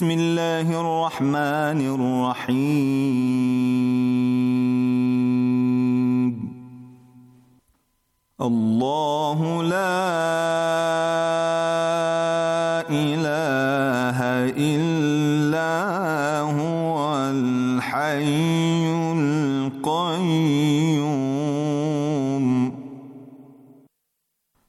بسم الله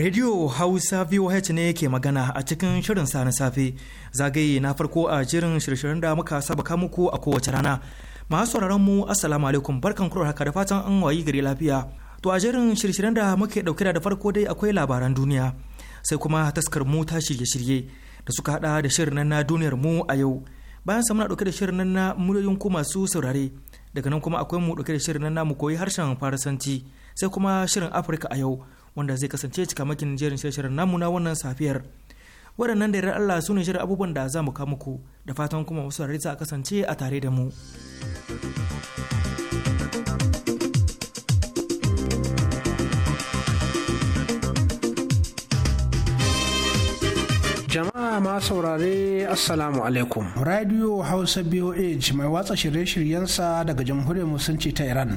Radio Hausa VOH ne ke magana a cikin shirin sa na safe zagaye na farko a jirin shirin da muka saba ka muku a kowace rana. Masu sauraron mu assalamu alaikum barkan kuro haka da fatan an wayi gari lafiya. To a jirin shirin da muke dauke da farko dai akwai labaran duniya sai kuma taskar mu ta shirye-shirye da suka hada da shirin nan na duniyar mu a yau. Bayan sa muna dauke da shirin na muryoyin ku masu saurare daga nan kuma akwai mu dauke da shirin nan na mu koyi harshen farasanci sai kuma shirin Afirka a yau. wanda zai kasance cika cikamakin jerin shirin namu na wannan safiyar waɗannan da yarda Allah su ne shirin abubuwan da za mu kawo muku da fatan kuma wasu rarrita a kasance a tare da mu. Jama'a ma saurare Assalamu alaikum. Radio Hausa BOH mai watsa shirye-shiryensa daga Jamhuriyar Musulunci ta Iran.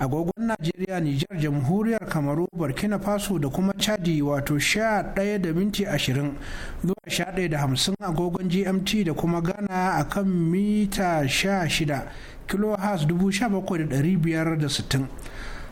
agogon najeriya nijar jamhuriyar kamaru burkina faso da kuma chadi wato ɗaya da minti ashirin zuwa sha ɗaya da hamsin agogon gmt da kuma ghana a kan mita sha 16 kilohertz sittin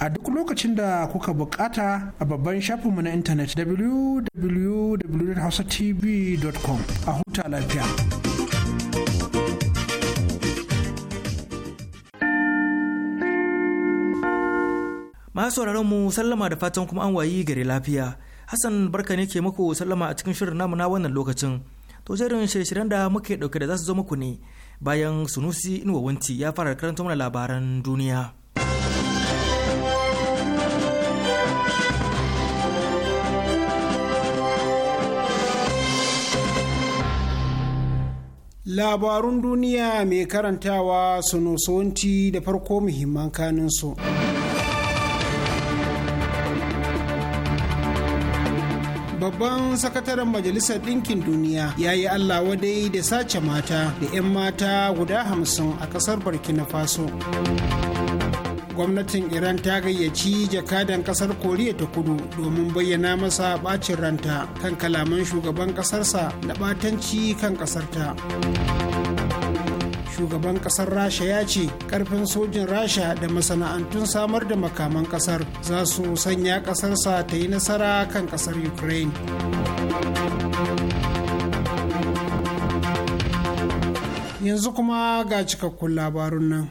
a duk lokacin da kuka bukata a babban shafinmu na intanet www.hausatv.com a huta lafiya. Masu mu sallama da fatan kuma an wayi gare lafiya. Hassan barka ne ke muku sallama a cikin shirin namu na wannan lokacin. To jerin shirye-shiryen da muke dauke da za su zo muku ne bayan Sunusi Inuwa ya fara karanta mana labaran duniya. Labarun duniya mai karantawa su sunusunti da farko muhimman kaninsu. Babban sakataren Majalisar Ɗinkin Duniya ya yi Allah wadai da sace mata da 'yan mata guda hamsin a ƙasar Burkina Faso. gwamnatin iran ta gayyaci jakadan kasar koriya ta kudu domin bayyana masa bacin ranta kan kalaman shugaban kasarsa na batanci kan kasarta shugaban kasar rasha ya ce karfin sojin rasha da masana'antun samar da makaman kasar za su sanya kasarsa ta yi nasara kan kasar ukraine yanzu kuma ga cikakkun labarun nan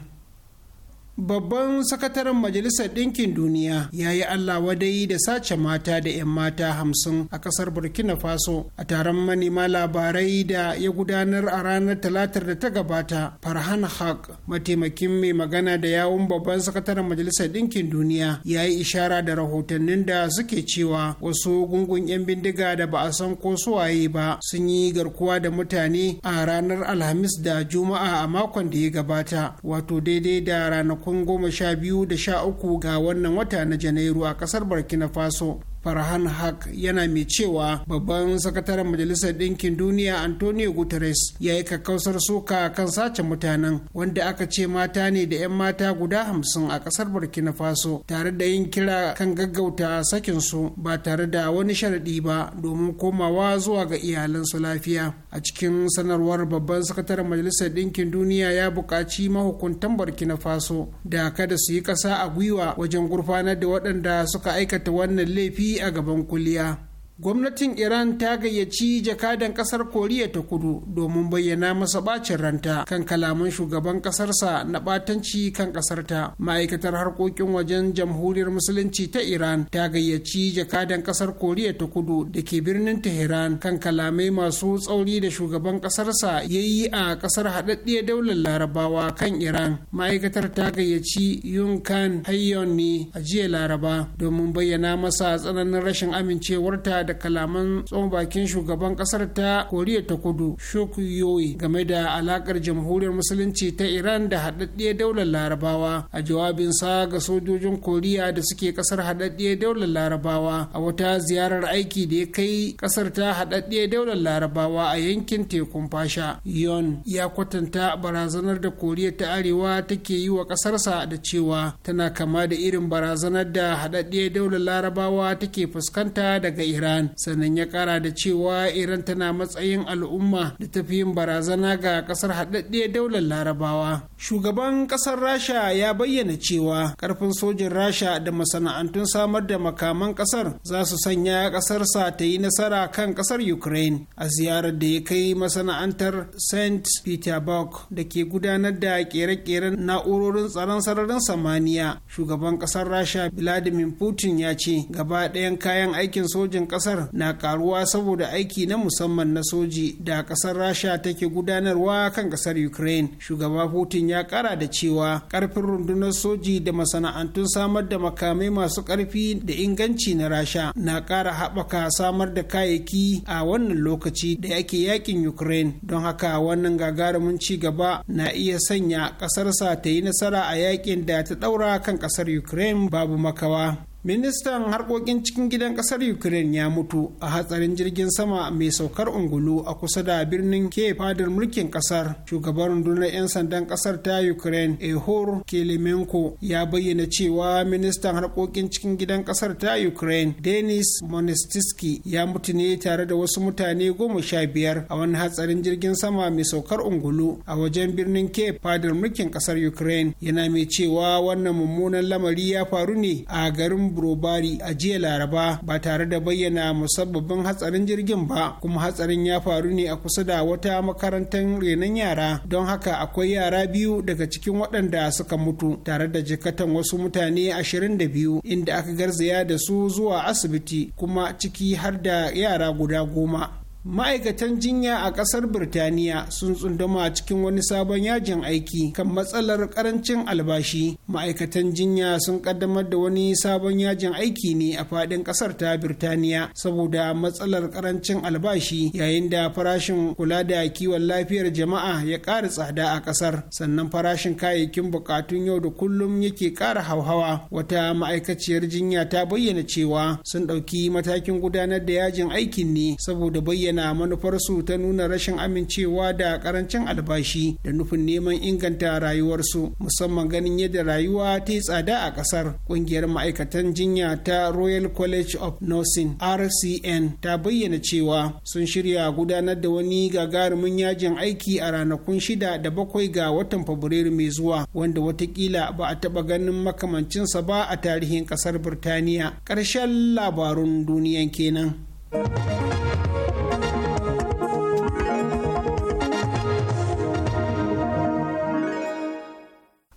babban sakataren majalisar ɗinkin duniya ya yi allah wadai da sace mata da 'yan mata hamsin a ƙasar burkina faso a taron manema labarai da ya gudanar a ranar talatar da ta gabata farhan haq mataimakin mai magana da yawun babban sakataren majalisar ɗinkin duniya ya yi ishara da rahotannin da suke cewa wasu gungun 'yan bindiga da ba a san ko suwaye ba sun yi garkuwa da mutane a ranar alhamis da juma'a a makon da ya gabata wato daidai da ranakun makon goma sha biyu da sha uku ga wannan wata na janairu a kasar burkina faso farhan haq yana mai cewa babban sakataren majalisar ɗinkin duniya antonio guterres ya yi kakkausar suka kan sace mutanen wanda aka ce mata ne da 'yan mata guda hamsin a ƙasar burkina faso tare da yin kira kan gaggauta sakin su ba tare da wani sharaɗi ba domin komawa zuwa ga iyalansu lafiya a cikin sanarwar babban sakataren majalisar ɗinkin duniya ya buƙaci mahukuntan burkina faso da kada su yi ƙasa a gwiwa wajen gurfanar da waɗanda suka aikata wannan laifi a gaban kuliya gwamnatin iran ta gayyaci jakadan kasar koriya ta kudu domin bayyana masa bacin ranta kan kalaman shugaban kasarsa na batanci kan kasarta ma'aikatar harkokin wajen jamhuriyar musulunci ta iran ta gayyaci jakadan kasar koriya ta kudu da ke birnin tehran kan kalamai masu tsauri da shugaban kasarsa ya yi a kasar haɗaɗɗiyar daular larabawa kan iran ma'aikatar ta gayyaci yun kan hayyon ne a jiya laraba domin bayyana masa tsananin rashin amincewarta da kalaman tsohon bakin shugaban kasar ta koriya ta kudu shokuyoyi game da alakar jamhuriyar musulunci ta iran da haɗaɗɗiyar daular larabawa a jawabinsa ga sojojin koriya da suke kasar haɗaɗɗiyar daular larabawa a wata ziyarar aiki da ya kai kasar ta haɗaɗɗiyar daular larabawa a yankin tekun fasha yon ya kwatanta barazanar da koriya ta arewa take yi wa kasarsa da cewa tana kama da irin barazanar da haɗaɗɗiyar daular larabawa take fuskanta daga iran iran sannan ya kara da cewa iran tana matsayin al'umma da tafi yin barazana ga kasar haɗaɗɗe daular larabawa shugaban kasar rasha ya bayyana cewa karfin sojin rasha da masana'antun samar da makaman kasar za su sanya kasarsa ta yi nasara kan kasar ukraine a ziyarar da ya kai masana'antar st peterburg da ke gudanar da kere-keren na'urorin tsaron sararin samaniya shugaban kasar rasha vladimir putin ya ce gaba ɗayan kayan aikin sojin kasar kasar na karuwa saboda aiki na musamman na soji da kasar rasha take gudanarwa kan kasar ukraine shugaba putin ya kara da cewa karfin rundunar soji da masana'antun samar da makamai masu karfi da inganci na rasha na kara haɓaka samar da kayayyaki a wannan lokaci da yake yakin ukraine don haka wannan gagarumin ci gaba na iya sanya kasarsa ta yi nasara a yakin da ta ɗaura kan kasar ukraine babu makawa ministan harkokin cikin gidan kasar ukraine ya mutu a hatsarin jirgin sama mai saukar ungulu a kusa da birnin ke fadar mulkin kasar shugaban rundunar 'yan sandan kasar ta ukraine ehor kelemenko ya bayyana cewa ministan harkokin cikin gidan kasar ta ukraine denis monestiski ya mutu ne tare da wasu mutane goma sha biyar a wani hatsarin jirgin sama mai saukar ungulu a wajen birnin ke fadar mulkin kasar ukraine yana mai cewa wannan mummunan lamari ya faru ne a garin Burobari a jiya Laraba ba tare da bayyana musabbabin hatsarin jirgin ba kuma hatsarin ya faru ne a kusa da wata makarantar renon yara don haka akwai yara biyu daga cikin waɗanda suka mutu tare da jikatan wasu mutane ashirin da biyu inda aka garzaya da su zuwa asibiti kuma ciki har da yara guda goma. ma'aikatan jinya a kasar birtaniya sun tsundama a cikin wani sabon yajin aiki kan matsalar karancin albashi ma'aikatan jinya sun kaddamar da wani sabon yajin aiki ne a fadin kasar ta birtaniya saboda matsalar karancin albashi yayin da farashin kula da kiwon lafiyar jama'a ya ƙara tsada a kasar sannan farashin kayayyakin bukatun yau da kullum yake ƙara hauhawa wata ma'aikaciyar jinya ta bayyana cewa sun ɗauki matakin gudanar da yajin aikin ne saboda bayyana bayyana manufarsu ta nuna rashin amincewa da karancin albashi da nufin neman inganta rayuwarsu musamman ganin yadda rayuwa ta yi tsada a kasar kungiyar ma'aikatan jinya ta royal college of nursing rcn ta bayyana cewa sun shirya gudanar da wani gagarumin yajin aiki a ranakun shida da bakwai ga watan fabrairu mai zuwa wanda watakila ba a taba ganin makamancinsa ba a tarihin kasar birtaniya karshen labarun duniyan kenan. thank you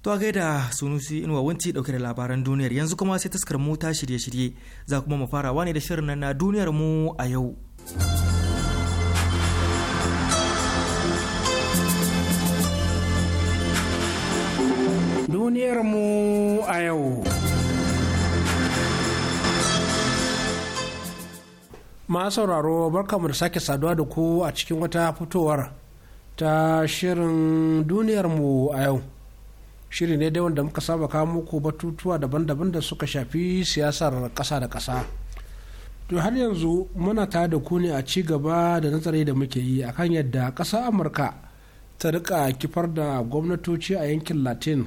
To a gaida sunusi inuwa wanci dauke da labaran duniyar yanzu kuma sai taskar mu ta shirye-shirye za kuma mu farawa ne da shirin na duniyar mu a yau. Duniyar mu a yau. Ma sauraro barkamu da sake saduwa da ku a cikin wata fitowar ta shirin duniyar mu a yau. shiri ne dai wanda muka saba kawo muku batutuwa daban-daban da suka shafi siyasar ƙasa da ƙasa to har yanzu muna tare da ku ne a ci gaba da nazari da muke yi akan yadda ƙasar amurka ta rika kifar da gwamnatoci a yankin latin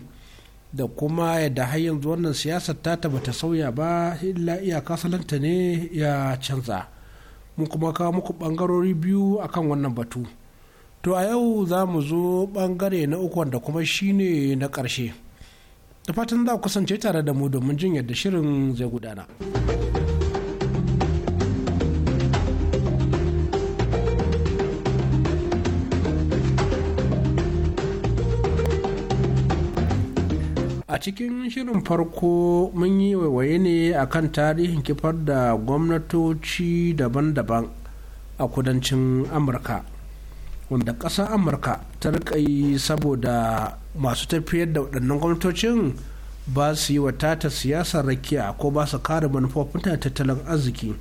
da kuma yadda har yanzu wannan siyasar ta bata sauya ba illa iyaka salanta ne ya canza mun kuma kawo muku bangarori biyu akan wannan batu. to a yau za mu zo bangare na uku da kuma shine na ƙarshe da fatan za kusance tare da mu domin jin yadda shirin zai gudana a cikin shirin farko mun yi waiwaye ne a kan tarihin kifar da gwamnatoci daban-daban a kudancin amurka wanda ƙasar amurka ta rika yi saboda masu tafiyar da waɗannan gwamnatocin ba su yi ta siyasar rakiya ko ba su kare manufofin tattalin arziki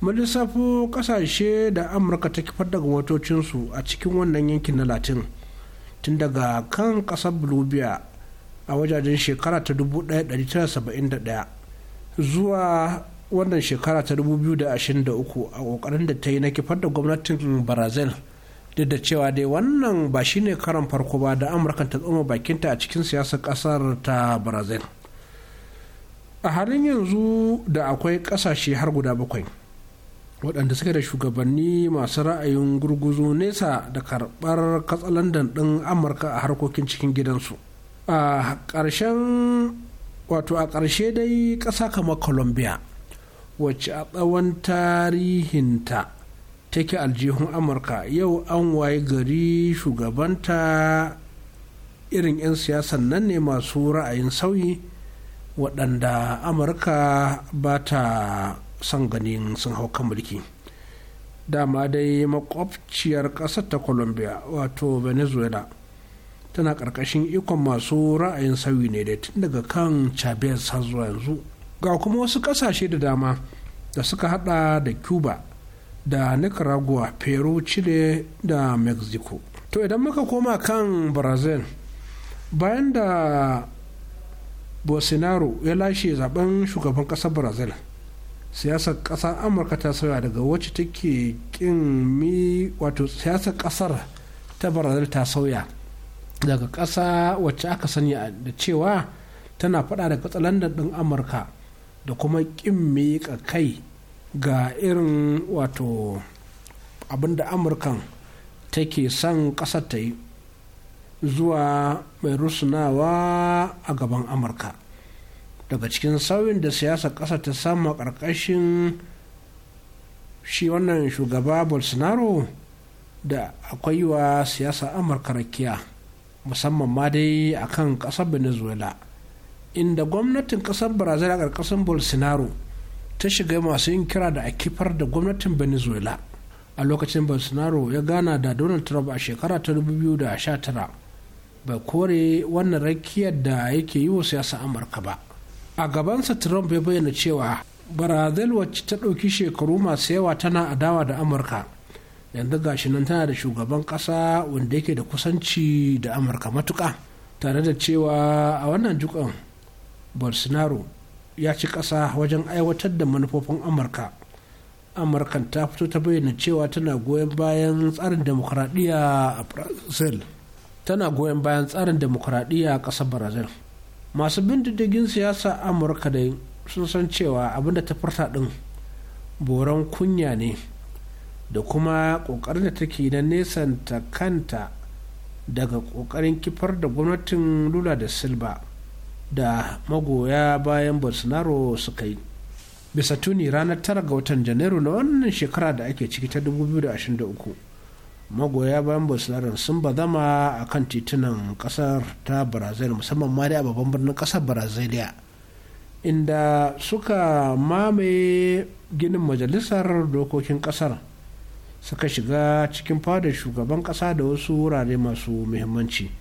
mun lissafo ƙasashe da amurka ta kifar da gwamnatocinsu a cikin wannan yankin na latin tun daga kan ƙasar bolivia a wajajen shekara ta 1971 zuwa wannan shekara ta 2023 a ƙoƙarin da ta yi na kifar da gwamnatin brazil duk da cewa dai wannan ba shine karan farko ba da amurka ta tsoma bakinta a cikin siyasar kasar ta brazil a halin yanzu da akwai kasashe har guda bakwai waɗanda suke da shugabanni masu ra'ayin gurguzu nesa da karɓar katsalandan ɗin amurka a harkokin cikin gidansu a ƙarshen wato a ƙarshe dai ƙasa kamar colombia wacce a tsawon tarihinta take aljihun amurka yau an waye gari shugabanta irin 'yan siyasan nan ne masu ra'ayin sauyi waɗanda amurka ba ta son ganin sun hau kan mulki dama dai makwabciyar ƙasar ta colombia wato venezuela tana ƙarƙashin ikon masu ra'ayin sauyi ne da tun daga kan chavez har zuwa yanzu ga kuma wasu ƙasashe da dama da suka hada da cuba da nicaragua peru chile da mexico to idan muka koma kan brazil bayan da bolsonaro ya lashe zaben shugaban kasar brazil siyasar kasar amurka ta sauya daga wacce take kin mi wato siyasar kasar ta brazil ta sauya daga kasa wacce aka sani da cewa tana fada da katsalandan din amurka da kuma kin miƙa kai ga irin wato abinda amurkan take son ƙasa ta yi zuwa mai rusunawa a gaban amurka daga cikin sauyin da siyasar ƙasa ta samu ƙarƙashin shi wannan shugaba bolsonaro da akwai wa siyasar amurka rakiya musamman ma dai akan kan ƙasar venezuela inda gwamnatin ƙasar brazil a ƙarƙashin bolsonaro ta shiga masu yin kira da a kifar da gwamnatin venezuela a lokacin bolsonaro ya gana da donald trump a shekara ta 2019 bai kore wannan rakiyar da yake yi wa siyasa amurka ba a gabansa trump ya bayyana cewa brazil wacce ta ɗauki shekaru masu yawa tana adawa da amurka yanzu gashi nan tana da shugaban ƙasa wanda yake da kusanci da amurka matuka tare da cewa a wannan jukan bolsonaro ya ci ƙasa wajen aiwatar da manufofin amurka amurkan ta fito ta bayyana cewa tana goyon bayan tsarin demokuraɗiyya a brazil tana goyon bayan tsarin demokuraɗiyya a ƙasar brazil masu bin diddigin siyasa amurka da sun san cewa abinda ta furta ɗin boron kunya ne da kuma ƙoƙarin da take na nesanta kanta daga ƙoƙarin kifar da gwamnatin lula da silba da magoya bayan bolsonaro suka yi bisa tuni ranar tara ga watan janairu na wannan shekara da ake ciki ta 2023 magoya bayan bolsonaro sun ba zama a kan titunan kasar ta brazil musamman ma dai a babban birnin kasar brazilia inda suka mamaye ginin majalisar dokokin kasar suka shiga cikin fadar shugaban kasa da wasu wurare masu muhimmanci.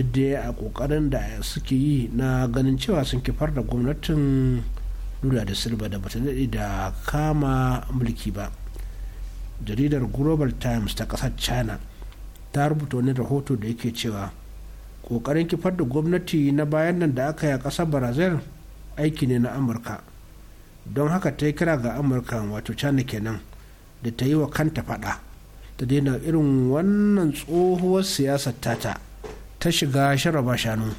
duk a kokarin da suke yi na ganin cewa sun kifar da gwamnatin lula da silba da bata daɗe da kama mulki ba jaridar global times ta ƙasar china ta rubuta wani rahoto da yake cewa kokarin kifar da gwamnati na bayan nan da aka yi a ƙasar brazil aiki ne na amurka don haka ta yi kira ga amurka wato china kenan da ta yi wa kanta faɗa ta daina irin wannan tsohuwar siyasar tata ta shiga sharaba shanu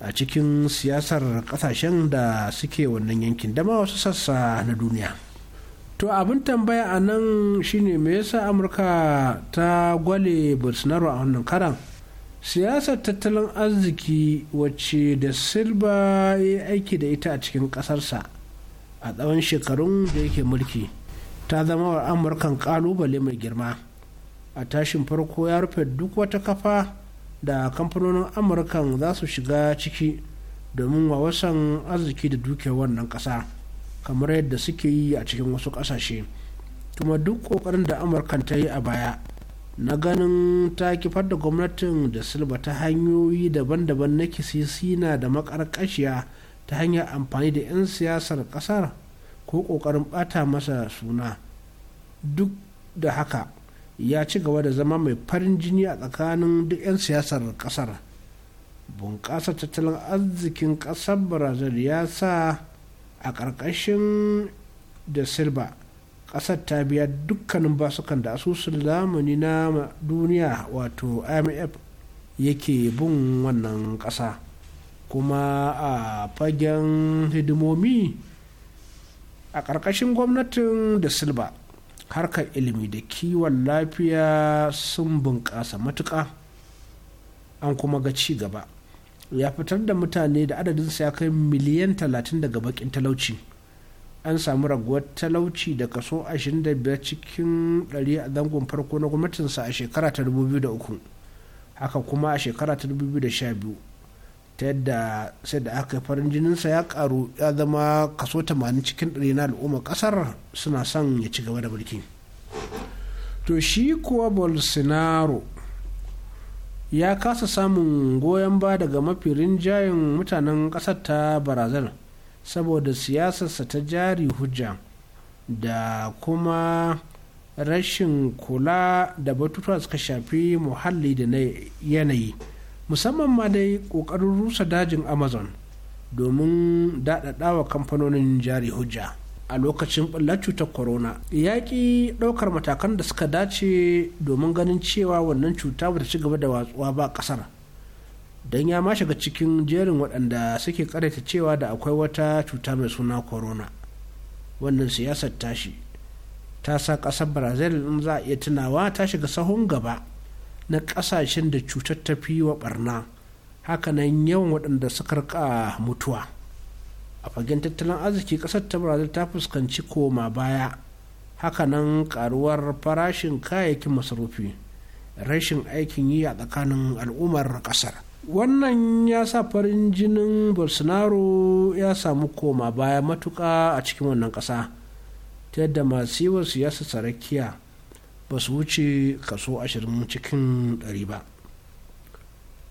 a cikin siyasar kasashen da suke wannan yankin dama wasu sassa na duniya to abin tambaya a nan shine me yasa amurka ta gwale bolsonaro a wannan karan siyasar tattalin arziki wacce da silba ya aiki da ita a cikin kasarsa a tsawon shekarun da yake mulki ta zama wa amurkan kalubale mai girma a tashin farko ya rufe duk wata kafa da kamfanonin amurkan za su shiga ciki domin wawasan arziki da dukiyar wannan kasa kamar yadda suke yi a cikin wasu kasashe kuma duk ƙoƙarin da amurkan ta yi a baya na ganin ta kifar da gwamnatin da silba ta hanyoyi daban-daban na na da makarƙashiya ta hanyar amfani da 'yan siyasar ƙasar ko ƙoƙarin ɓata masa suna duk da haka ya ci gaba da zama mai farin jini a tsakanin duk 'yan siyasar kasar bunƙasa tattalin arzikin ƙasar brazil ya sa a ƙarƙashin da silba ƙasar ta biya dukkanin basukan da asusun lamuni na duniya wato imf yake bin wannan ƙasa kuma a fagen hidimomi a ƙarƙashin gwamnatin da silba harkar ilimi da kiwon lafiya sun bunƙasa matuƙa an kuma ga ci gaba ya fitar da mutane da adadinsa ya kai miliyan 30 daga bakin talauci an samu raguwar talauci da kaso 25 cikin 100 a zangon farko na gwamnatinsa a shekara ta 2003 haka kuma a shekara ta 2012 ta yadda sai da aka yi farin jininsa ya karu ya zama kaso 80 cikin ɗari na al'umma ƙasar suna son ya ci gaba da mulki to shi kuwa bolsonaro ya kasa samun goyon ba daga mafi rinjayen mutanen ƙasar ta barazil saboda siyasarsa ta jari hujja da kuma rashin kula da batutuwa suka shafi muhalli da na yanayi musamman ma dai ƙoƙarin rusa dajin amazon domin daɗaɗawa kamfanonin jari hujja a lokacin ɓullar cutar corona ya ɗaukar matakan da suka dace domin ganin cewa wannan cuta bata ci gaba da watsuwa ba ƙasar don ya ma shiga cikin jerin waɗanda suke ƙarata cewa da akwai wata cuta mai suna corona wannan siyasar tashi ta sa ƙasar brazil in za a iya tunawa ta shiga sahun gaba na ƙasashen da cutar ta fi wa barna hakanan yawan waɗanda suka rika mutuwa a fagen tattalin arziki ƙasar ta brazil ta fuskanci koma baya hakanan karuwar farashin kayayyakin masarufi rashin aikin yi a tsakanin al'ummar ƙasar wannan ya sa farin jinin bolsonaro ya samu koma baya matuƙa a cikin wannan ƙasa ta yadda masu yi wa siyasa sarakiya ba su wuce kaso ashirin cikin ɗari ba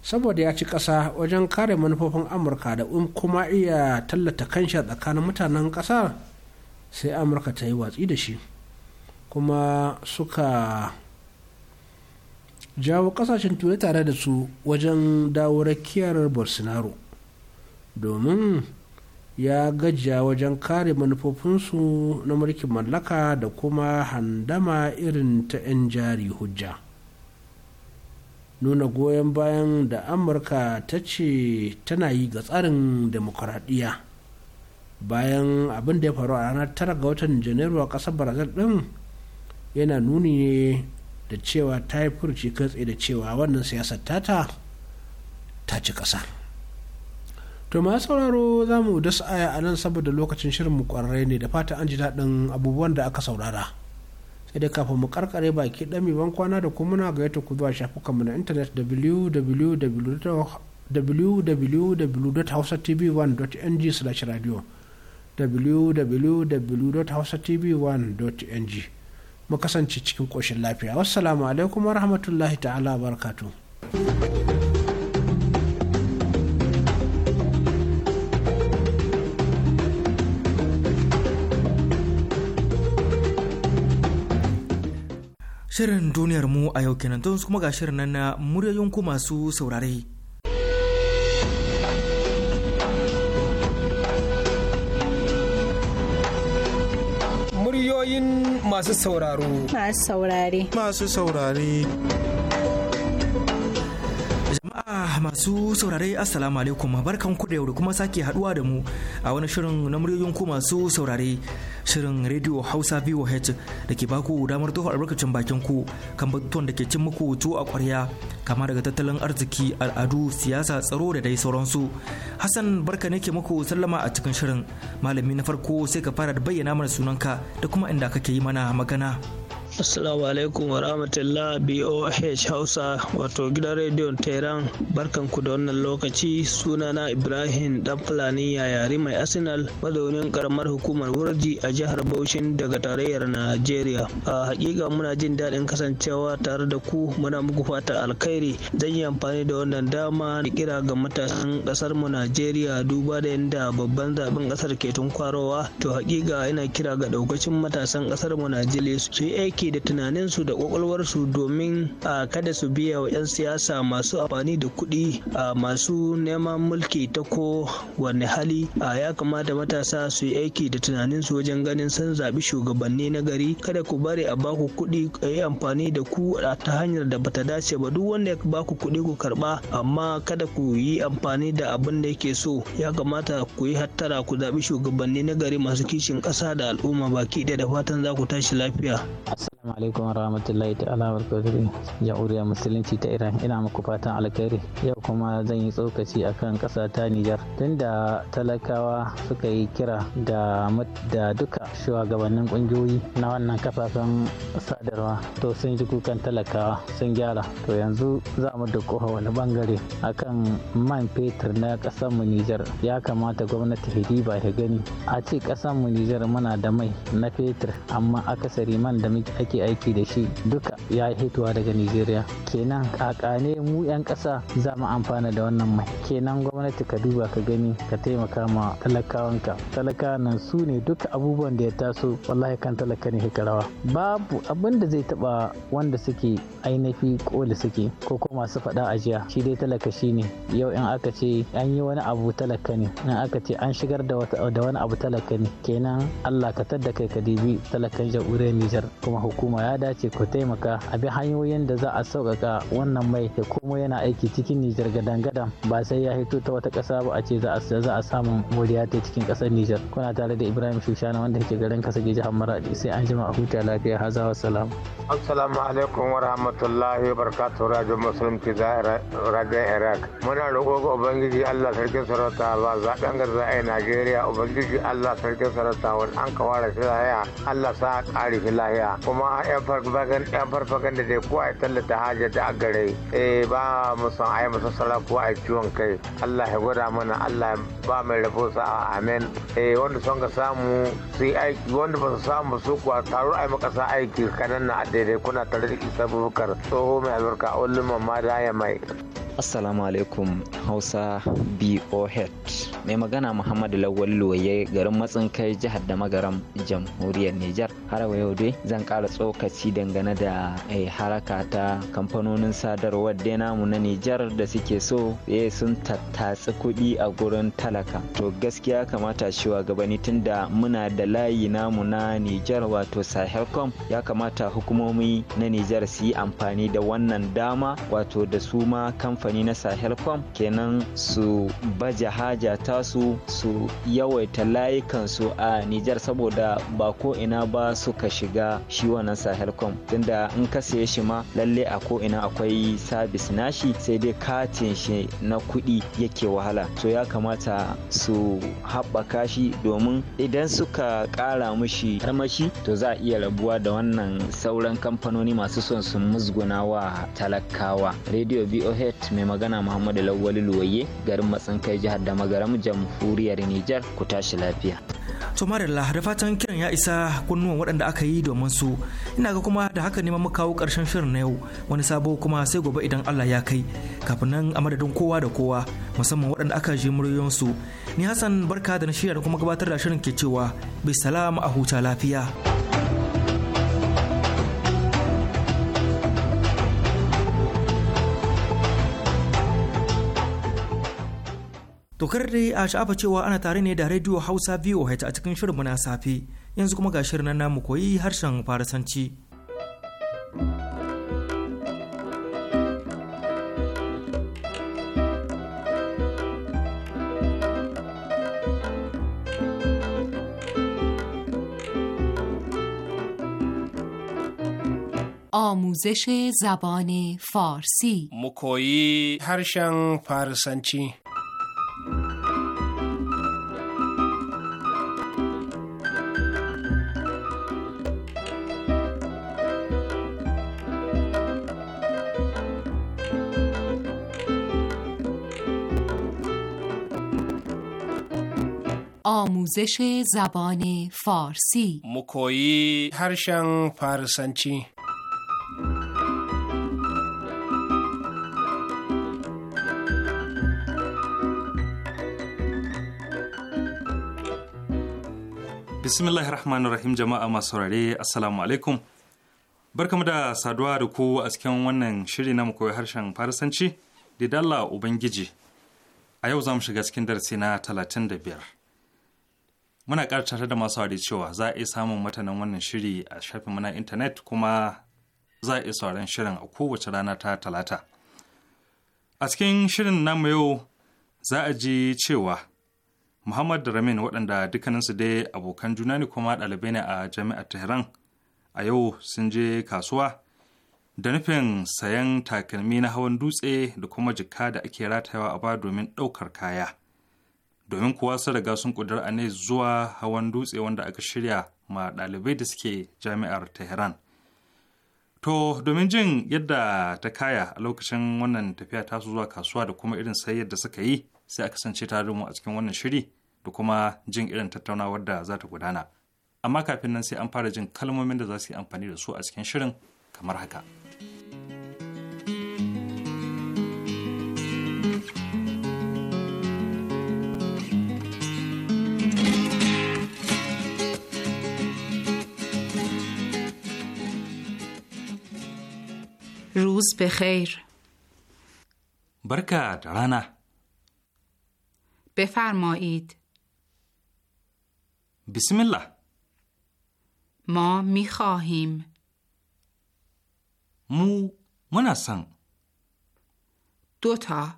saboda ya ci ƙasa wajen kare manufofin amurka da kuma iya tallata kanshi tsakanin mutanen ƙasa sai amurka ta yi watsi da shi kuma suka jawo ƙasashen turai tare da su wajen dawo rakiyar bolsonaro domin ya gajiya wajen kare manufofinsu na mulkin mallaka da kuma handama irin ta 'yan jari hujja nuna goyon bayan da amurka ta ce tana yi ga tsarin demokuraɗiyya bayan abin da ya faru a ranar tara ga watan janairu a ƙasar brazil ɗin yana nuni ne da cewa ta yi furci kai tsaye da cewa wannan siyasar tata ta ci ƙasa. To masu sauraro za mu dasa aya a nan saboda lokacin shirinmu kwarai ne da fata an ji daɗin abubuwan da aka saurara. Sai dai kafin mu karkare baki ɗami ban kwana da kuma muna gayyata ku zuwa shafukanmu na intanet www.hausatv1.ng/radio www.hausatv1.ng mu kasance cikin ƙoshin lafiya. Wassalamu alaikum wa rahmatullahi ta'ala barakatuh. Shirin duniyar mu a yau kenan don kuma ga shirin nan na muryoyin ku masu saurare. Muryoyin masu sauraro. Masu saurare. Masu saurare. jama'a masu saurare assalamu alaikum barkan ku da yau da kuma sake haduwa da mu a wani shirin na muryoyin ku masu saurare shirin radio hausa voh da ke baku damar tofa albarkacin bakin ku kan batutuwan da ke cin muku tu a kwarya kama daga tattalin arziki al'adu siyasa tsaro da dai sauransu hassan barka ne ke muku sallama a cikin shirin malami na farko sai ka fara da bayyana mana sunanka da kuma inda kake yi mana magana. Assalamu alaikum wa rahmatullah BOH Hausa wato gidan rediyon Tehran barkan ku da wannan lokaci sunana Ibrahim dan Fulani yayari mai Arsenal mazaunin karamar hukumar Wurji a jihar Baushin daga tarayyar Najeriya. A hakika muna jin daɗin kasancewa tare da ku muna muku fata alkhairi zan yi amfani da wannan dama da kira ga matasan kasar mu Najeriya duba da yadda babban zaben kasar ke tunkwarowa to hakika ina kira ga daukacin matasan kasar mu Najeriya su yi aiki suke da tunaninsu da kwakwalwarsu domin a kada su biya wa 'yan siyasa masu amfani da kuɗi a masu neman mulki ta ko wani hali ya kamata matasa su yi aiki da tunaninsu wajen ganin sun zaɓi shugabanni na gari kada ku bari a baku kuɗi a yi amfani da ku ta hanyar da bata dace ba duk wanda ya baku kuɗi ku karɓa amma kada ku yi amfani da abin da yake so ya kamata ku yi hattara ku zaɓi shugabanni na gari masu kishin ƙasa da al'umma baki ɗaya da fatan za ku tashi lafiya. Assalamu alaikum warahmatullahi ta'ala barkatuhu jamhuriyar musulunci ta Iran ina muku fatan alkhairi yau kuma zan yi tsokaci akan ƙasa ta Nijar tunda talakawa suka yi kira da da duka shugabannin ƙungiyoyi na wannan kafafen sadarwa to sun ji kukan talakawa sun gyara to yanzu za mu da wani bangare akan man fetur na ƙasar mu Nijar ya kamata gwamnati hidiba ta gani a ce ƙasar mu Nijar muna da mai na fetur amma akasari man da muke ake aiki da shi duka ya hitowa daga nigeria kenan a kane mu 'yan kasa za mu amfana da wannan mai kenan gwamnati ka duba ka gani ka taimaka ma talakawanka talakawa nan su ne duka abubuwan da ya taso wallahi kan talaka ne rawa babu abin da zai taba wanda suke ainihi koli suke ko ko masu faɗa ajiya shi dai talaka shi ne yau in aka ce an yi wani abu talaka ne in aka ce an shigar da wani abu talaka ne kenan allah ka tadda kai ka dibi talakan jamhuriyar nijar kuma hukuma hukuma ya dace ku taimaka a bi hanyoyin da za a sauƙaƙa wannan mai ya komo yana aiki cikin Nijar gadan-gadan ba sai ya hito ta wata ƙasa ba a ce za a samu moriya ta cikin ƙasar Nijar. Kuna tare da Ibrahim Shushana wanda ke garin Kasage jihar Maradi sai an jima a huta lafiya wa salam. Assalamu alaikum wa rahmatullahi wa barakatuhu Radio Muslim ke Iraq. Muna roƙo ga Ubangiji Allah sarkin sarauta ba zaɓen ga za'ai Najeriya Ubangiji Allah sarkin sarauta wani an kawara shi Allah sa ƙari shi lahiya kuma kuma yan farfagan da dai ko a tallata haja da agare eh ba mu san ai masa sala ko a ciwon kai Allah ya gwada mana Allah ba mai rabo sa'a amen eh wanda son ka samu su aiki wanda ba su samu su kuwa taro ai makasa aiki kanan na daidai kuna tare da Isa Bukar tsoho mai albarka ulumma ma da ya mai Assalamu alaikum Hausa BOH. Mai magana Muhammadu Lawal Loye garin matsin kai jihar da magaram jamhuriyar Nijar. Harawa yau dai zan kara tsokaci dangane da e, haraka ta kamfanonin sadarwar dai namu na Nijar da suke so ya eh, sun tattatsi kuɗi a gurin talaka. To gaskiya kamata gabani tunda muna da layi namu na Nijar wato Sahelcom ya kamata hukumomi na Nijar su yi amfani da wannan dama wato da su ma kamfanonin kamfani na sahelcom kenan su baje haja tasu su yawaita layukansu a nijar saboda ba ko ina ba suka shiga shi wannan sahelcom tunda in ka saye shi ma lalle a ko ina akwai sabis nashi sai dai katin shi na kuɗi yake wahala to ya kamata su haɓaka shi domin idan suka ƙara mushi armashi to za a iya rabuwa da wannan sauran kamfanoni masu son su musguna wa talakawa radio bohet mai magana muhammadu lawali luwaye garin matsin kai jihar da magaram jamhuriyar nijar ku tashi lafiya to marilla da fatan kiran ya isa kunnuwan waɗanda aka yi domin su ina ga kuma da haka neman kawo karshen shirin na yau wani sabo kuma sai gobe idan allah ya kai kafin nan a madadin kowa da kowa musamman waɗanda aka ji muryoyinsu ni hassan barka da na shirya da kuma gabatar da shirin ke cewa bai salama a huta lafiya. Tokar dai a sha'afa cewa ana tare ne da Radio Hausa VOH a cikin shirin na safe yanzu kuma ga shirin nan namu koyi harshen Farisanci. آموزش زبان فارسی مکویی هرشن فارسنچی آموزش زبان فارسی مکویی هرشن فارسنچی bismillahir rahmanir rahim jama'a masu saurare assalamu alaikum barkamu da saduwa da ku a cikin wannan shiri na koyi harshen farisanci da ubangiji a yau za mu shiga cikin darasi na talatin da biyar. Muna karatar da masu wari cewa za a iya samun matanan wannan shiri a shafin muna intanet kuma za a iya sauran shirin a kowace rana ta talata. A cikin shirin namu yau za a ji cewa Muhammad da Ramin waɗanda dukkaninsu dai abokan juna ne kuma ɗalibai ne a jami'ar Tehran a yau sun je kasuwa da nufin sayan takalmi na hawan dutse da kuma jikka da ake ratayawa a ba domin ɗaukar kaya. domin kuwa sun riga sun kudur a zuwa hawan dutse wanda aka shirya ma ɗalibai da suke jami'ar tehran to domin jin yadda ta kaya a lokacin wannan tafiya tasu zuwa kasuwa da kuma irin sai yadda suka yi sai a kasance tare rumu mu a cikin wannan shiri da kuma jin irin tattaunawar da za ta gudana amma kafin nan sai an fara jin kalmomin da za su yi amfani da su a cikin shirin kamar haka. روز بخیر برکت رانا بفرمایید بسم الله ما میخواهیم مو مناسن دوتا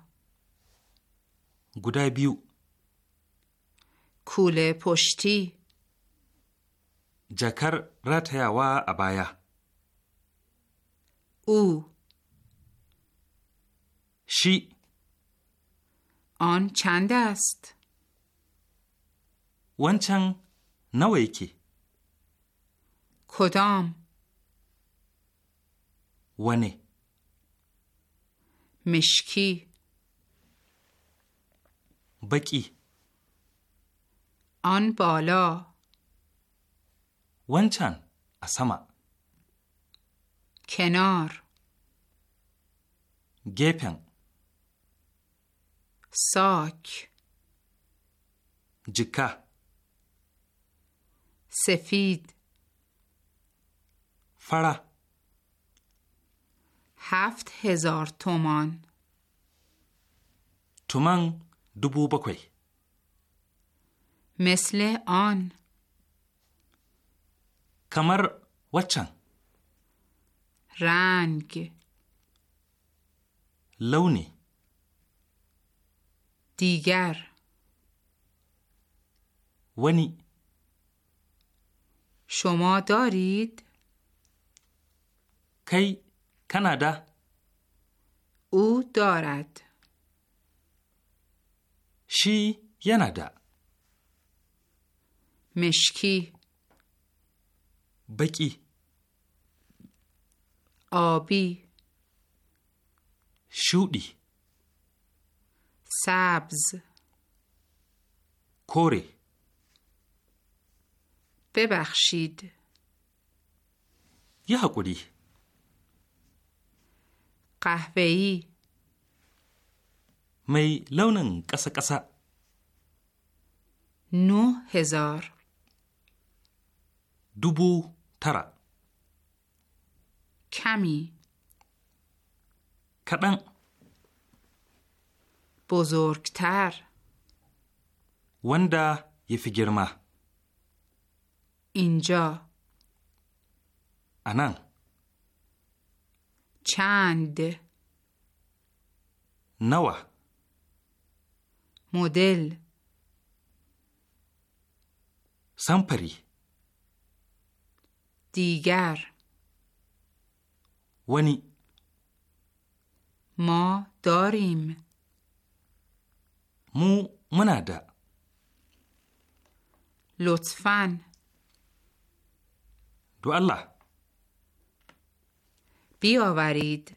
گودای بیو کوله پشتی جکر رتیا و ابایه او شی آن چند است ونچن نویکی کدام ونه مشکی بکی آن بالا ونچن اسما کنار گپن ساک جکه سفید فرا هفت هزار تومان تومان دوبو بکوی مثل آن کمر وچن رنگ لونی دیگر ونی شما دارید؟ کی کانادا او دارد شی یندا مشکی بکی آبی شودی سبز کره ببخشید یه حقودی قهوهی می لونن کسا کسا نه هزار دوبو ترا kami kaɗan buzutar wanda yafi girma inja anan can de nawa model samfuri Digar. ونی ما داریم مو منادا لطفا دو الله بیاورید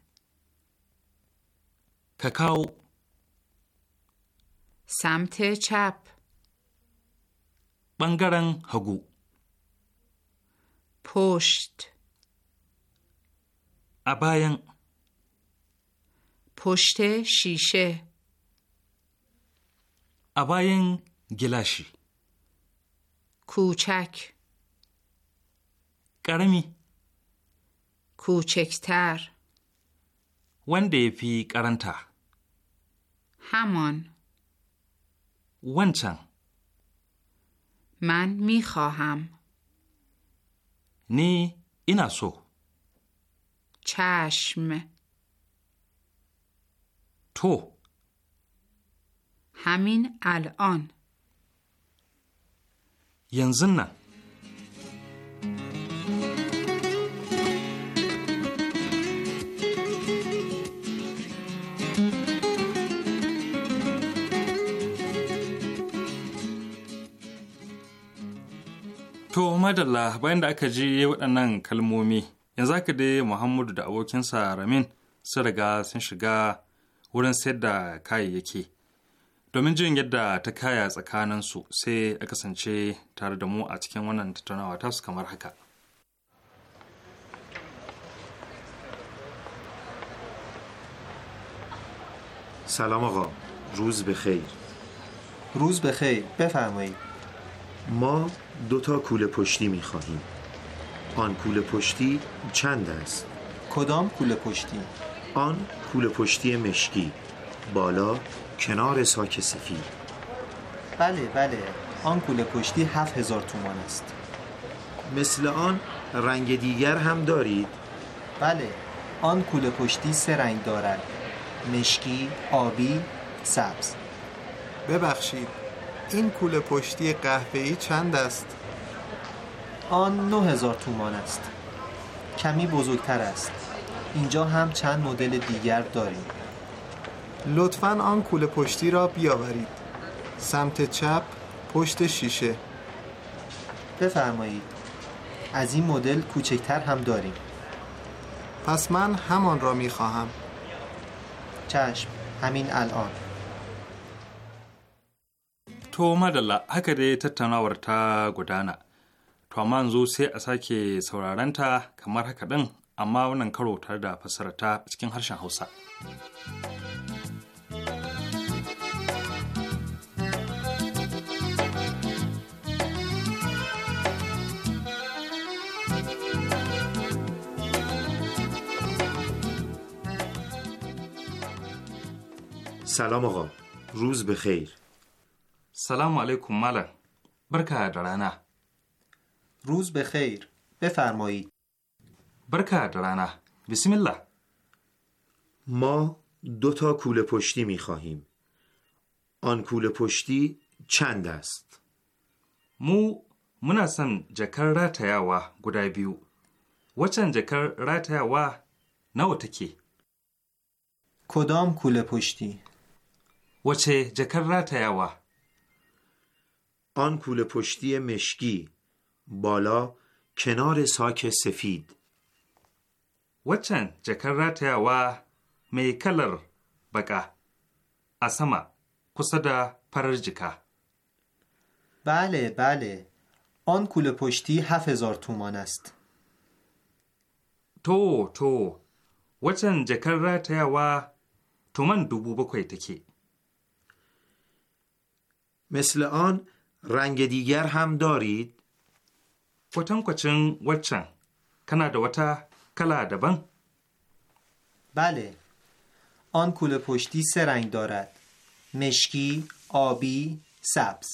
کاکاو سمت چپ بنگرن هگو پشت ابایان پشت شیشه ابایان گلاشی کوچک قرمی کوچکتر ونده فی قرنتا همان ونچن من میخواهم نی ایناسو چشم تو همین الان ینزن To, madalla bayan da aka ji waɗannan kalmomi yanzu haka dai muhammadu da abokinsa ramin sun riga sun shiga wurin sayar da kayayyaki domin jin yadda ta kaya tsakaninsu sai a kasance tare da mu a cikin wannan tattaunawa tasu kamar haka سلام آقا روز بخیر روز بخیر بفرمایید ما دو تا کوله پشتی میخواهیم آن کوله پشتی چند است؟ کدام کوله پشتی؟ آن پول پشتی مشکی بالا کنار ساک سفید بله بله آن کوله پشتی هفت هزار تومان است مثل آن رنگ دیگر هم دارید؟ بله آن کوله پشتی سه رنگ دارد مشکی، آبی، سبز ببخشید این کوله پشتی قهوه‌ای چند است؟ آن 9000 تومان است کمی بزرگتر است اینجا هم چند مدل دیگر داریم لطفا آن کوله پشتی را بیاورید سمت چپ پشت شیشه بفرمایید از این مدل کوچکتر هم داریم پس من همان را می خواهم چشم همین الان تو مدلا to amma yanzu sai a sake sauraranta kamar haka ɗin amma wannan karo tare da fasarata cikin harshen hausa سلام آقا روز بخیر سلام علیکم برکه روز بخیر بفرمایید برکه درانه بسم الله ما دو تا کوله پشتی می خواهیم آن کول پشتی چند است مو جکر را jakar گدای بیو. وچن جکر را ratayawa نو تکی. کدام کول پشتی وچه جکر را ratayawa آن کول پشتی مشکی بالا کنار ساک سفید وچن جکر راتیاوا می کلر بگه اسما کسدا پررجکه بله بله آن کوله پشتی هفت هزار تومان است تو تو وچن جکر راتیاوا تومان دوبو بکوی تکی مثل آن رنگ دیگر هم دارید؟ kwatankwacin waccan kana da wata kala daban? Bale, an kula pushti sarang darat, meshki, abi, sabz.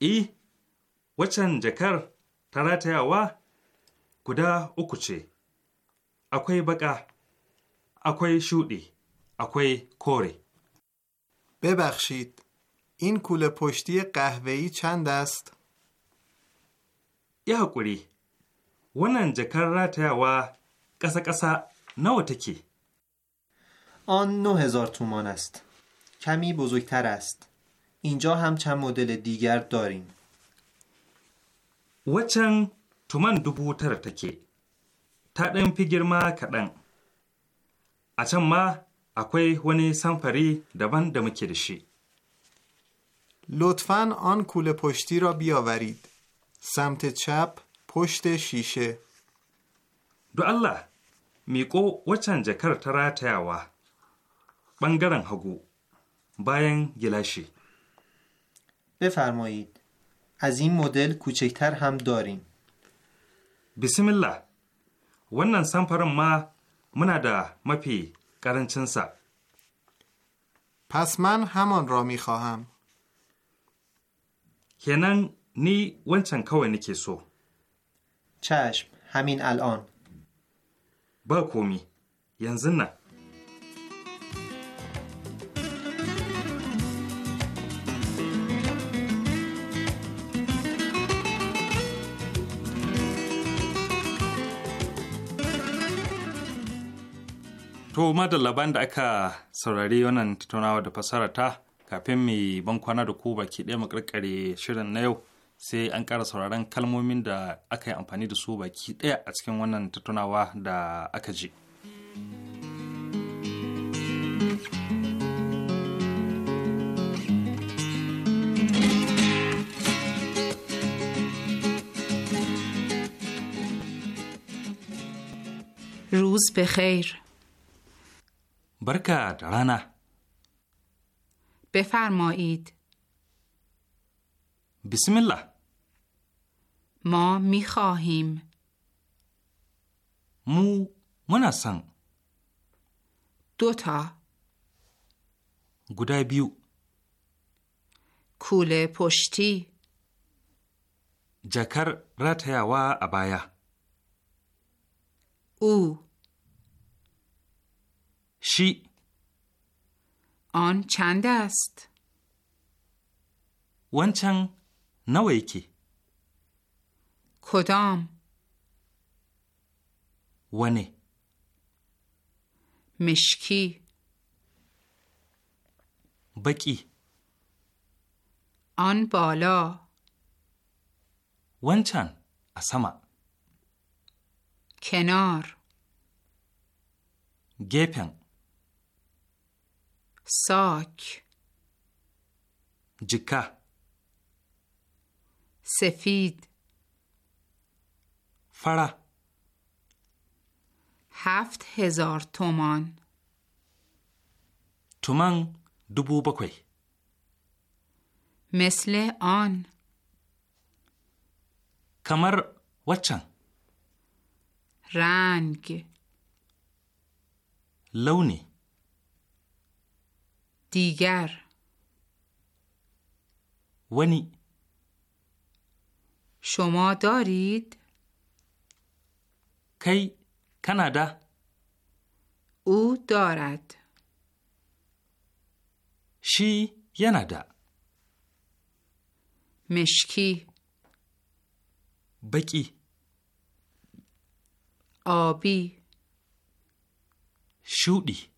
I, waccan jakar taratayawa guda uku ce, akwai baka, akwai shudi, akwai kore. ببخشید این کوله پشتی قهوه‌ای چند است؟ yi haƙuri, wannan jakar ratayawa ƙasa-ƙasa nawa take? آن 9000 تومان است. کمی بزرگتر است. اینجا هم چند مدل دیگر داریم. وچن تومان دوبو تر تکی. تا دن فی گرما کدن. اچن ما اکوی ونی سنفری دبن دمکی دشی. لطفا آن کوله پشتی را بیاورید. سمت چپ پشت شیشه دو الله میکو وچن جکر تراتیاوا بنگرن هگو باین گلاشی بفرمایید از این مدل کوچکتر هم داریم بسم الله wannan samfarin ma muna da mafi ƙarancinsa. پس من همان را می خواهم. kenan ni wancan kawai nake so Chash, hamin al'on. Ba komi, yanzu nan. To madallaban da aka saurari wannan tattaunawa da fasara ta kafin mai bankwana da ku baki ɗaya makarkare shirin na yau sai an ƙara sauraron kalmomin da aka yi amfani da su baki ɗaya a cikin wannan tattunawa da aka ji. روز barka da rana. بفرمایید بسم Bismillah. ما می خواهیم مو مناسن دوتا گودای بیو کوله پشتی جکر و ابایا او شی آن چند است ونچن نویکی کدام ونه مشکی بکی آن بالا ونچن اسما کنار گپن ساک جکه سفید فرا هفت هزار تومان تومان دوبو بکوی مثل آن کمر وچن رنگ لونی دیگر ونی شما دارید؟ کی کانادا او دارد شی یندا مشکی بکی آبی شودی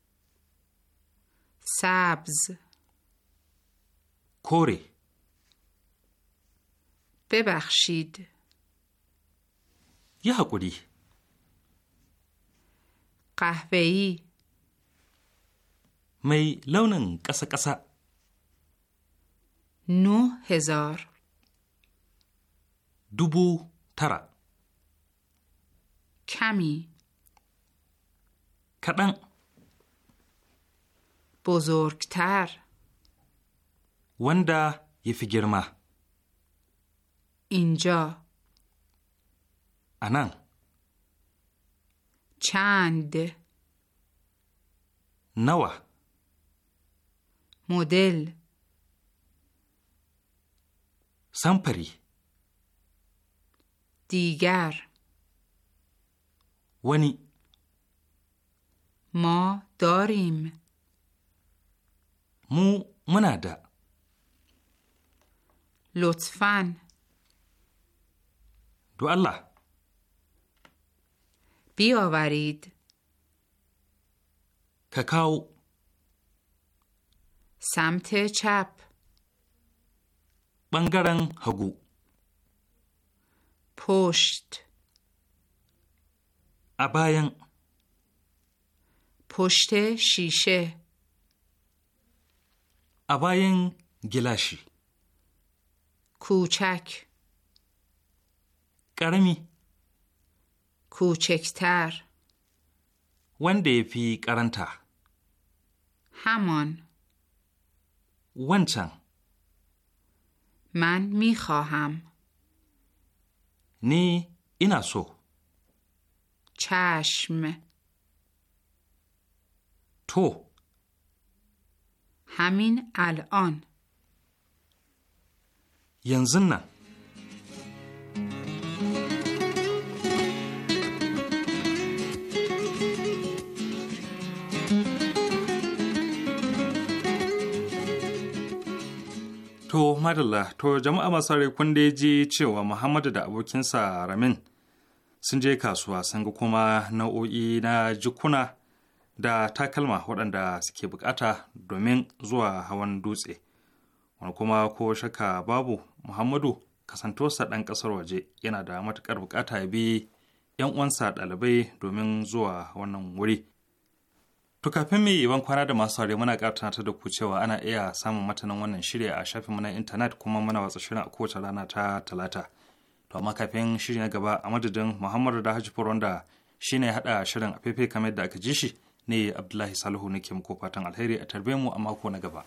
سبز کوری ببخشید یه حقوری Kahfaiyi. Mai launin ƙasa-ƙasa. Nu hizar. Dubu tara. Kyami. Kaɗan. Buzo Wanda ya fi girma. inja A nan. چند نوع مدل سمپری دیگر ونی ما داریم مو منادا لطفاً دو الله بیاورید کاکاو سمت چپ بنگرن هگو پشت اباین پشت شیشه اباین گلاشی کوچک کرمی کوچکتر ونده فی قرنتا همان ونچن من میخواهم نی اینا سو چشم تو همین الان ینزنن To madalla to jama'a masu rai kun dai ji cewa Muhammadu da abokinsa Ramin sun je kasuwa sun ga kuma nau'o'i na jikuna da takalma waɗanda suke bukata domin zuwa hawan dutse. Wani kuma ko shaka babu Muhammadu kasantosa ɗan ƙasar waje yana da matuƙar bukata bi 'yan uwansa ɗalibai domin zuwa wannan wuri. To kafin mu yi kwana da masu saurare muna ƙara da ku cewa ana iya samun matanin wannan shirya a shafin mu na intanet kuma muna watsa shirin a kowace rana ta talata. To amma kafin shiri na gaba a madadin Muhammadu da Hajji Furonda shi ne haɗa shirin a faifai kamar da aka ji shi ne Abdullahi Salihu nake muku fatan alheri a tarbe mu a mako na gaba.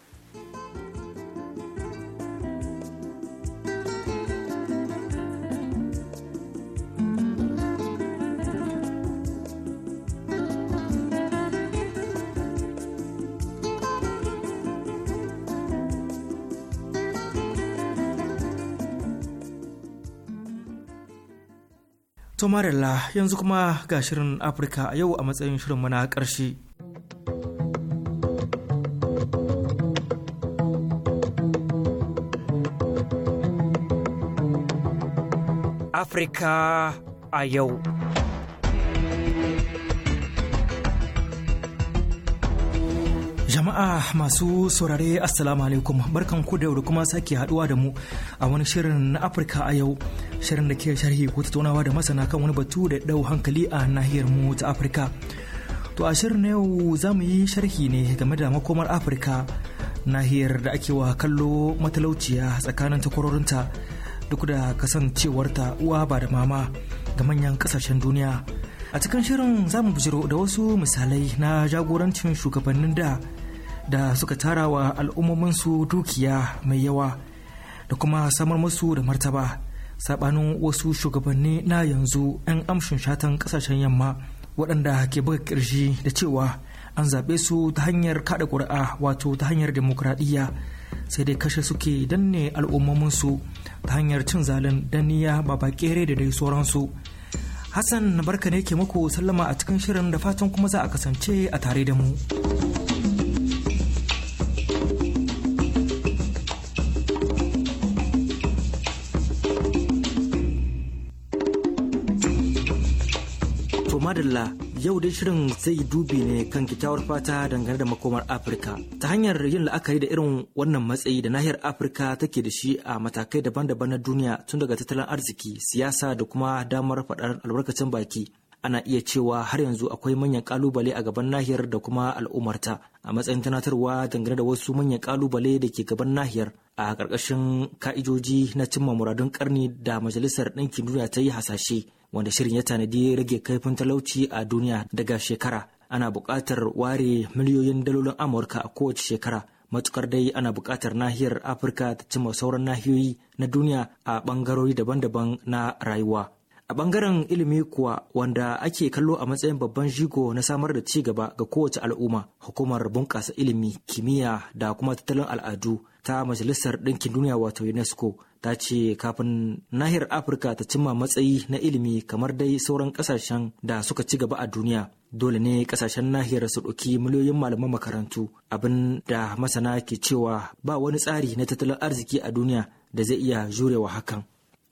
To Marilla yanzu kuma ga shirin Afirka a yau a matsayin shirin mana ƙarshe. Afirka a yau. Jama'a masu saurare Assalamu alaikum barkan ku da yau kuma sake haduwa da mu a wani shirin na Afirka a yau shirin da ke sharhi ko tattaunawa da masana kan wani batu da dau hankali a nahiyar mu ta Afirka. To a shirin na yau za mu yi sharhi ne game da makomar Afirka nahiyar da ake wa kallo matalauciya tsakanin takwarorinta duk da kasancewarta uwa ba da mama ga manyan kasashen duniya. a cikin shirin zamu bijiro da wasu misalai na jagorancin shugabannin da da suka tara wa al'ummominsu dukiya mai yawa da kuma samar musu da martaba sabanin wasu shugabanni na yanzu 'yan amshin shatan kasashen yamma waɗanda ke buga kirji da cewa an zaɓe su ta hanyar kaɗa ƙuri'a wato ta hanyar demokradiyya sai dai kashe suke danne al'ummominsu ta hanyar cin zalin danniya ba ƙere da dai sauransu hassan barka ne ke muku sallama a cikin shirin da fatan kuma za a kasance a tare da mu. madalla yau dai shirin zai dubi ne kan kitawar fata dangane da makomar Afirka ta hanyar yin la'akari da irin wannan matsayi da nahiyar Afirka take da shi a matakai daban-daban na duniya tun daga tattalin arziki, siyasa da kuma damar faɗar albarkacin baki ana iya cewa har yanzu akwai manyan kalubale a gaban nahiyar da kuma al'ummarta a matsayin tunatarwa dangane da wasu manyan kalubale da ke gaban nahiyar a ƙarƙashin ka'ijoji na cimma muradun ƙarni da majalisar ɗinkin duniya ta yi hasashe wanda shirin ya tanadi rage kaifin talauci a duniya daga shekara ana buƙatar ware miliyoyin dalolin amurka a kowace shekara matukar dai ana buƙatar nahiyar afirka ta cimma sauran nahiyoyi na duniya a ɓangarori daban-daban na rayuwa A bangaren ilimi kuwa wanda ake kallo a matsayin babban jigo na samar da ci gaba ga kowace al'umma, hukumar bunƙasa ilimi, kimiyya da kuma tattalin al'adu ta Majalisar Ɗinkin Duniya wato UNESCO ta ce kafin nahiyar Afirka ta cimma matsayi na ilimi kamar dai sauran ƙasashen da suka ci gaba a duniya. Dole ne ƙasashen nahiyar su ɗauki miliyoyin malaman makarantu abin da masana ke cewa ba wani tsari na tattalin arziki a duniya da zai iya jurewa hakan.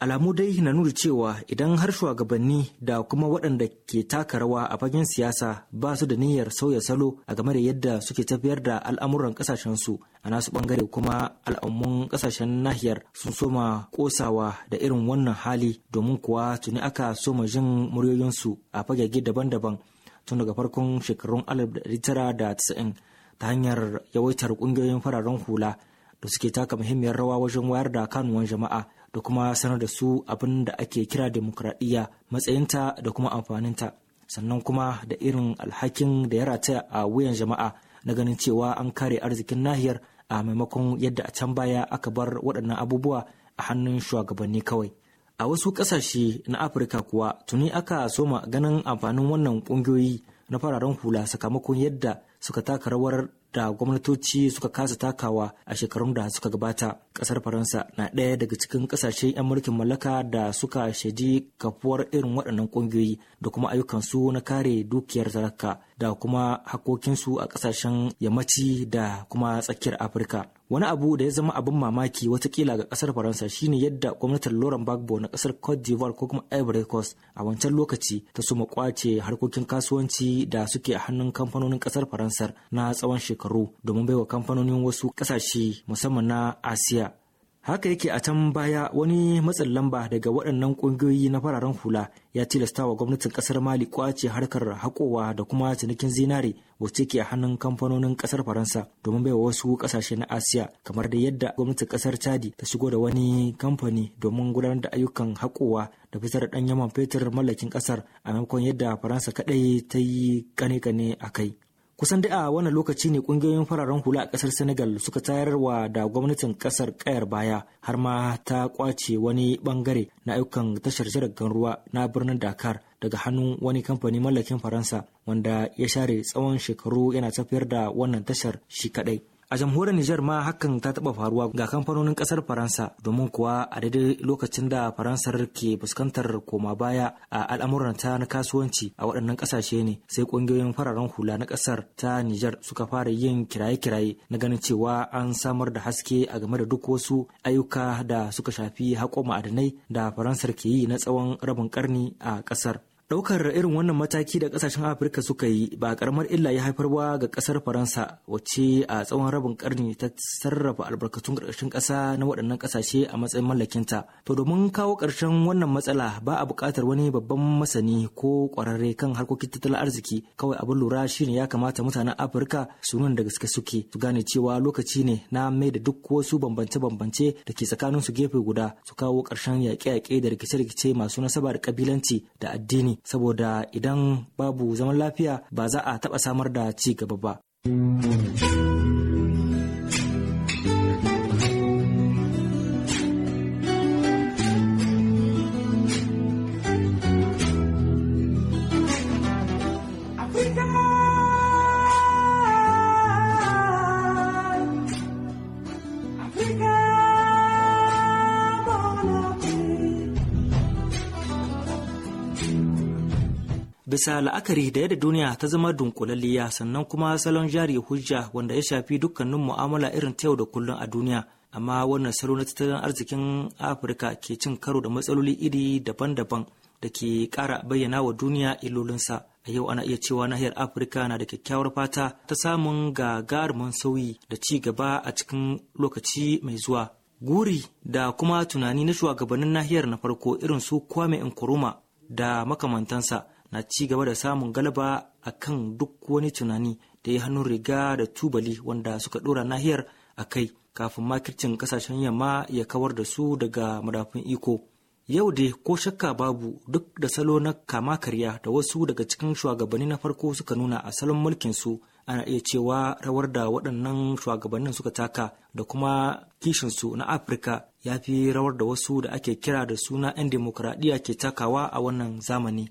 alamu dai na nuna cewa idan har shugabanni da kuma waɗanda ke taka rawa a fagen siyasa ba su da niyyar sauya salo a game da yadda suke tafiyar da al'amuran ƙasashensu a nasu bangare kuma al'ummun ƙasashen nahiyar sun soma ƙosawa da irin wannan hali domin kuwa tuni aka soma jin muryoyinsu a fagage daban-daban tun daga farkon shekarun 1990 ta hanyar yawaitar ƙungiyoyin fararen hula da suke taka muhimmiyar rawa wajen wayar da kanuwan jama'a da kuma sanar da su abin da ake kira demokradiyya matsayinta da kuma amfaninta sannan kuma da irin alhakin da ya rataya a wuyan jama'a na ganin cewa an kare arzikin nahiyar a maimakon yadda a can baya aka bar waɗannan abubuwa a hannun shugabanni kawai a wasu ƙasashe na afirka kuwa tuni aka soma ganin amfanin wannan ƙungiyoyi na fararen hula sakamakon yadda suka taka rawar da gwamnatoci suka kasa takawa a shekarun da suka gabata kasar faransa na ɗaya daga cikin ƙasashen 'yan mulkin mallaka da suka shaidi kafuwar irin waɗannan ƙungiyoyi da kuma ayyukansu na kare dukiyar talaka da kuma hakokinsu a ƙasashen yammaci da kuma tsakiyar afirka wani abu da ya zama abin mamaki watakila ga kasar faransa shine yadda gwamnatin lauren bagbo na kasar cote d'ivoire ko kuma ivory coast a wancan lokaci ta suma kwace harkokin kasuwanci da suke a hannun kamfanonin kasar faransar na tsawon shekaru domin baiwa kamfanonin wasu kasashe musamman na asiya haka yake a can baya wani matsin lamba daga waɗannan ƙungiyoyi na fararen hula ya tilasta wa gwamnatin ƙasar mali kwace harkar haƙowa da kuma cinikin zinare wacce ke hannun kamfanonin ƙasar faransa domin bai wa wasu ƙasashe na asiya kamar da yadda gwamnatin ƙasar chadi ta shigo da wani kamfani domin gudanar da ayyukan haƙowa da fitar ɗan yaman fetur mallakin ƙasar a maimakon yadda faransa kaɗai ta yi kane-kane a kai kusan da a wannan lokaci ne kungiyoyin fararen hula a kasar senegal suka tayarwa da gwamnatin kasar kayar baya har ma ta kwace wani bangare na ayyukan tashar jiragen ruwa na birnin dakar daga hannun wani kamfani mallakin faransa wanda ya share tsawon shekaru yana tafiyar da wannan tashar shi kadai A jamhuriyar Nijar ma hakan ta taɓa faruwa ga kamfanonin ƙasar Faransa domin kuwa a daidai lokacin da Faransar ke fuskantar koma baya a al'amuranta na kasuwanci a waɗannan ƙasashe ne sai ƙungiyoyin fararen hula na ƙasar ta Nijar suka fara yin kiraye-kiraye na ganin cewa an samar da haske a game da duk wasu ayyuka da suka shafi haƙo ma'adanai da Faransar ke yi na tsawon rabin ƙarni a ƙasar. Ɗaukar irin wannan mataki da kasashen Afirka suka yi ba karamar illa ya haifar ba ga ƙasar Faransa wacce a tsawon rabin karni ta sarrafa albarkatun ƙarƙashin ƙasa na waɗannan ƙasashe a matsayin mallakinta. To domin kawo ƙarshen wannan matsala ba a buƙatar wani babban masani ko ƙwararre kan harkokin tattalin arziki kawai abin lura shine ya kamata mutanen Afirka su nuna da gaske suke su gane cewa lokaci ne na mai da duk wasu bambance-bambance da ke tsakanin su gefe guda su kawo ƙarshen yaƙe-yaƙe da rikice-rikice masu nasaba da ƙabilanci da addini saboda idan babu zaman lafiya ba za a taɓa samar da ci gaba ba. bisa la'akari da yadda duniya ta zama dunkulalliya sannan kuma salon jari hujja wanda ya shafi dukkanin mu'amala irin ta yau da kullum a duniya amma wannan salo na tattalin arzikin afirka ke cin karo da matsaloli iri daban-daban da ke kara bayyana wa duniya ilolinsa a yau ana iya cewa nahiyar afirka na da kyakkyawar fata ta samun gagarumin sauyi da ci gaba a cikin lokaci mai zuwa guri da kuma tunani na shugabannin nahiyar na farko irin su kwame nkuruma da makamantansa na ci gaba da samun galaba a kan duk wani tunani da ya hannun riga da tubali wanda suka ɗora nahiyar a kai kafin makircin kasashen yamma ya kawar da su daga madafin iko. Yau dai ko shakka babu duk da salo na kama karya da wasu daga cikin shugabanni na farko suka nuna a salon mulkin su ana iya cewa rawar da waɗannan shugabannin suka taka da kuma kishin su na afirka ya fi rawar da wasu da ake kira da suna 'yan demokuraɗiyya ke takawa a wannan zamani.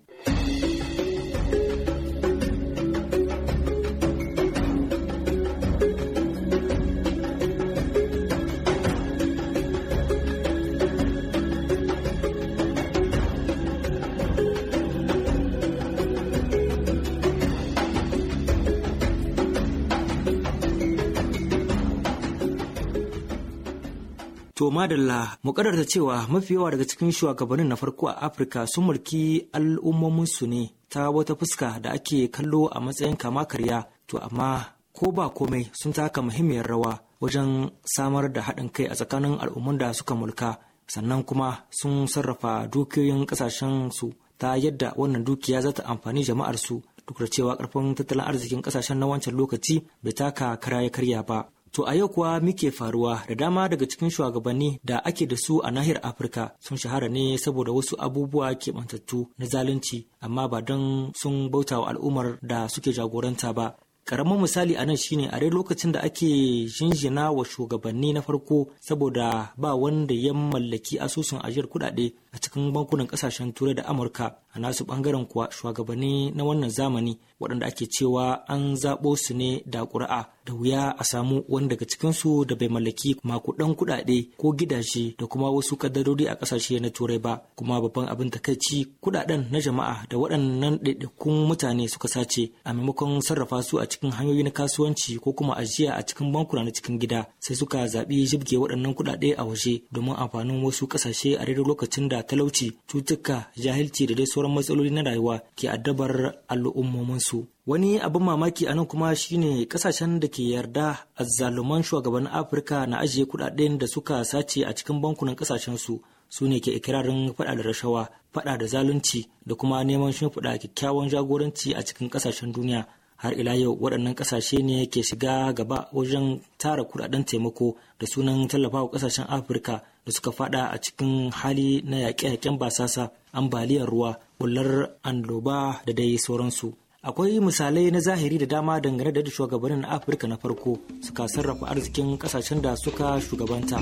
madalla mu da cewa mafi yawa daga cikin shugabannin na farko a Afirka sun mulki al'ummominsu ne ta wata fuska da ake kallo a matsayin kama karya to amma ko ba komai sun taka muhimmiyar rawa wajen samar da haɗin kai a tsakanin al'umman da suka mulka sannan kuma sun sarrafa dukiyoyin kasashen su ta yadda wannan dukiya za ta amfani jama'ar su duk da cewa karfin tattalin arzikin kasashen na wancan lokaci bai taka kara ya karya ba To a yau kuwa muke faruwa da dama daga cikin shugabanni da ake da su a nahiyar Afirka sun shahara ne saboda wasu abubuwa ke keɓantattu na zalunci amma ba don sun bauta wa al'ummar da suke jagoranta ba. Karamin misali a nan shine a dai lokacin da ake jinjina wa shugabanni na farko saboda ba wanda ya mallaki asusun ajiyar kuɗaɗe a cikin bankunan ƙasashen Turai da Amurka a nasu bangaren kuwa shugabanni na wannan zamani waɗanda ake cewa an zaɓo su ne da ƙuri'a da wuya a samu wani daga cikinsu da bai mallaki makudan kuɗaɗe ko gidaje da kuma wasu kadarori a ƙasashe na turai ba kuma babban abin takaici kuɗaɗen na jama'a da waɗannan ɗaiɗaikun mutane suka sace a maimakon sarrafa su a cikin hanyoyi na kasuwanci ko kuma ajiya a cikin bankuna na cikin gida sai suka zaɓi jibge waɗannan kuɗaɗe a waje domin amfanin wasu ƙasashe a daidai lokacin da talauci cutuka jahilci da dai sauran matsaloli na rayuwa ke addabar al'ummominsu. Wani abin mamaki a nan kuma shine kasashen da ke yarda a azzaluman shugabannin Afirka na ajiye kudaden da suka sace a cikin bankunan kasashensu su ne ke ikirarin fada da rashawa, fada da zalunci da kuma neman shimfiɗa kyakkyawan jagoranci a cikin kasashen duniya. har ila yau waɗannan ƙasashe ne ke shiga gaba wajen tara kudaden taimako da sunan tallafawa ƙasashen afirka da suka fada a cikin hali na yaƙe-yaƙen basasa ambaliyar ruwa bullar annoba da dai sauransu akwai misalai na zahiri da dama dangane da shugabannin afirka na farko suka sarrafa arzikin kasashen da suka shugabanta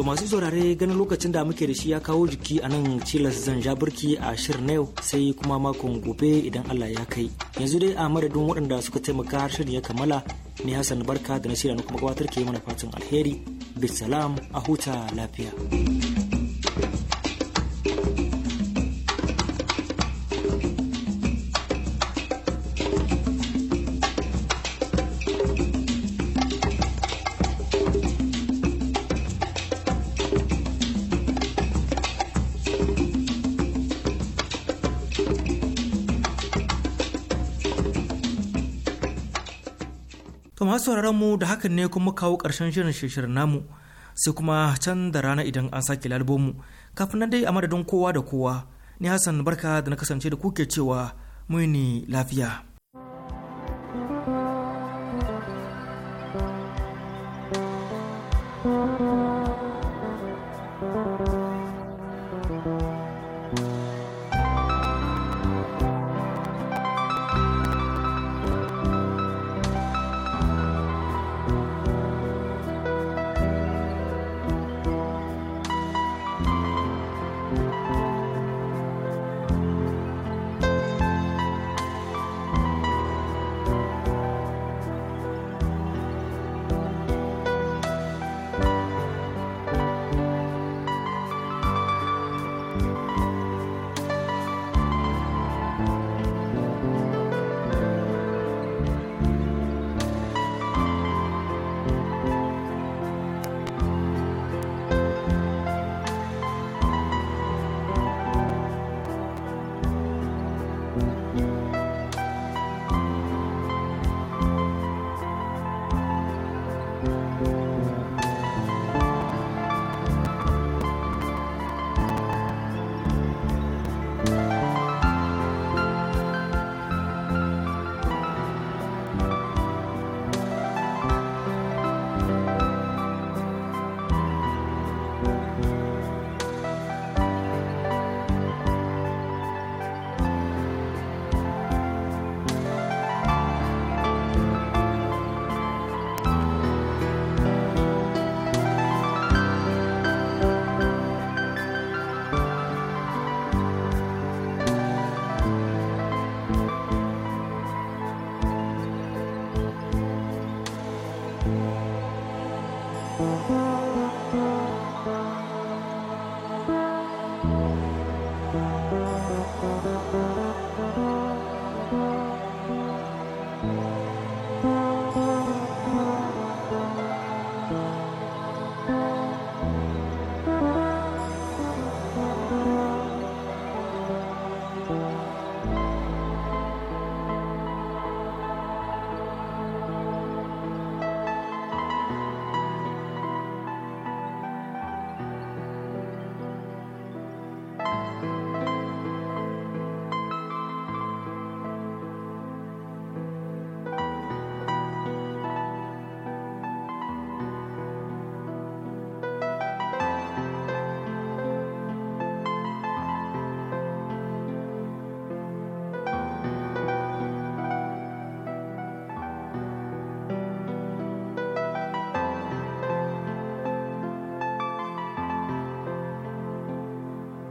To masu saurare ganin lokacin da muke da shi ya kawo jiki a nan cilas zan ja birki a shirin na yau sai kuma makon gobe idan Allah ya kai. Yanzu dai a madadin waɗanda suka taimaka harshen ya kammala ne Hassan Barka da na shirya na kuma gabatar ke mana fatan alheri. Bisalam a huta lafiya. sauraron mu da hakan ne kuma kawo ƙarshen shirin shirin namu sai kuma can da rana idan an sake mu kafin nan dai a madadin kowa da kowa ni hassan barka da na kasance da kuke cewa muni lafiya.